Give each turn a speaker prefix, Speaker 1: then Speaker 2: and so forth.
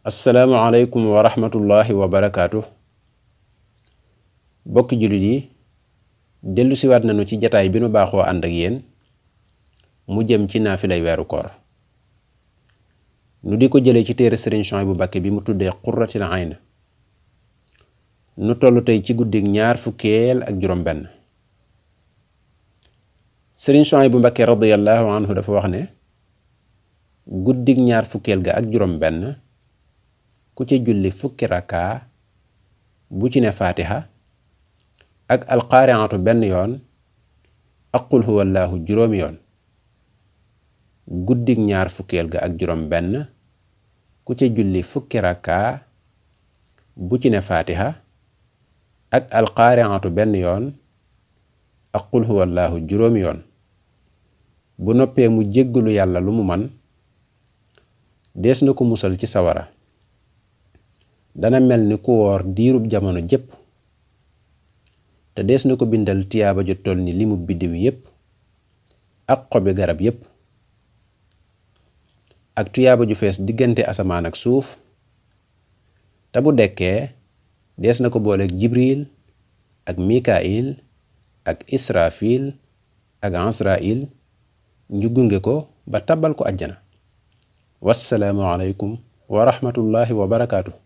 Speaker 1: asalaamualeykum wa rahmatullahi wa barakaatu bokki jullit yi dellusiwaat siwaat nañu ci jataay bi nu baaxoo ànd ak yéen mu jëm ci naafilay weeru koor nu di ko jële ci téere sëriñ Chouaïb bu Mbàkke bi mu tuddee qurratil ayn nu toll tey ci guddig ñaar fukkeel ak juróom benn sëriñ Chouaïb bu Mbàkke radiyallahu anhu dafa wax ne guddig ñaar fukkeel ga ak juróom benn ku ci julli fukki rakkaa bu ci ne faatiha ak alqaariatu benn yoon ak qul huwallaahu juróomi yoon guddig ñaar fukkeel ga ak juróom benn ku ci julli fukki rakkaa bu ci ne faatiha ak alqaariatu benn yoon ak qul huwallaahu juróomi yoon bu noppee mu jéggalu yàlla lu mu man dees na ko musal ci sawara dana mel ni ku woor diirub jamono jépp te dees na ko bindal tiyaaba ju toll ni limu biddiw yépp ak xobi garab yépp ak tuyaaba ju fees diggante asamaan ak suuf te bu dekkee dees na ko booleeg jibril ak mikail ak israfil ak ansrail ñu gunge ko ba tabal ko àjjana wassalaamu aleykum wa rahmatullahi